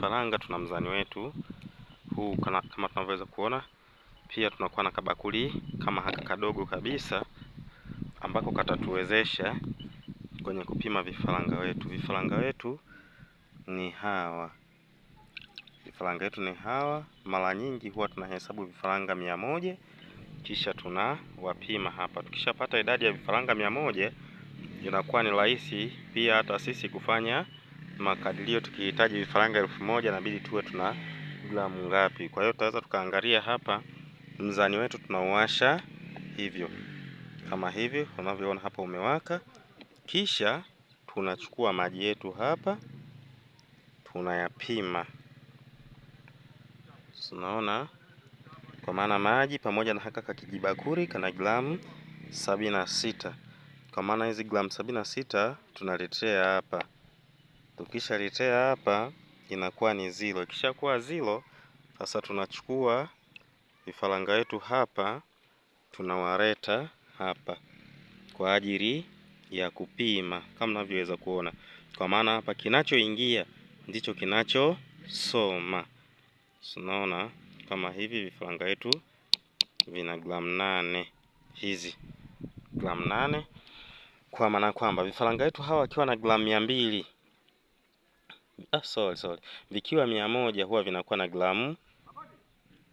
Vifaranga tuna mzani wetu huu kana, kama tunavyoweza kuona. Pia tunakuwa na kabakuli kama haka kadogo kabisa ambako katatuwezesha kwenye kupima vifaranga wetu. Vifaranga wetu ni hawa, vifaranga wetu ni hawa. Mara nyingi huwa tunahesabu vifaranga mia moja kisha tunawapima hapa. Tukishapata idadi ya vifaranga mia moja inakuwa ni rahisi pia hata sisi kufanya makadirio tukihitaji vifaranga elfu moja inabidi tuwe tuna gramu ngapi. Kwa hiyo tutaweza tukaangalia hapa mzani wetu tunauwasha hivyo kama hivi unavyoona hapa umewaka, kisha tunachukua maji yetu hapa tunayapima, tunaona kwa maana maji pamoja na haka kakijibakuri kana gramu sabini na sita kwa maana hizi gramu sabini na sita tunaletea hapa Tukishaletea hapa inakuwa ni zero. Ikishakuwa zero, sasa tunachukua vifaranga wetu hapa tunawaleta hapa kwa ajili ya kupima kama mnavyoweza kuona, kwa maana hapa kinachoingia ndicho kinachosoma. Tunaona kama hivi vifaranga wetu vina gramu nane, hizi gramu nane, kwa maana kwamba vifaranga wetu hawa wakiwa na gramu mia mbili ah, sorry, sorry. Vikiwa mia moja huwa vinakuwa na gramu,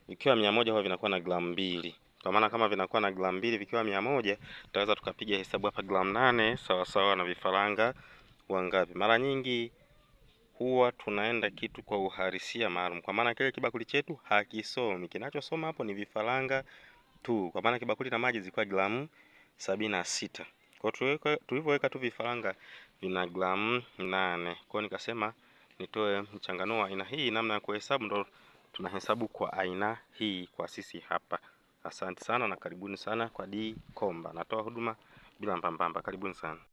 vikiwa mia moja huwa vinakuwa na gramu mbili kwa maana kama vinakuwa na gramu mbili vikiwa mia moja tutaweza tukapiga hesabu hapa, gramu nane sawa sawa na vifaranga wangapi? Mara nyingi huwa tunaenda kitu kwa uhalisia maalum, kwa maana kile kibakuli chetu hakisomi, kinachosoma hapo ni vifaranga tu, kwa maana kibakuli na maji zilikuwa gramu sabini na sita kwa tulivyoweka tu vifaranga vina gramu nane kwa hiyo nikasema nitoe mchanganuo wa aina hii. Namna ya kuhesabu ndo tunahesabu kwa aina hii kwa sisi hapa. Asante sana na karibuni sana kwa D Komba, natoa huduma bila mbambamba. Karibuni sana.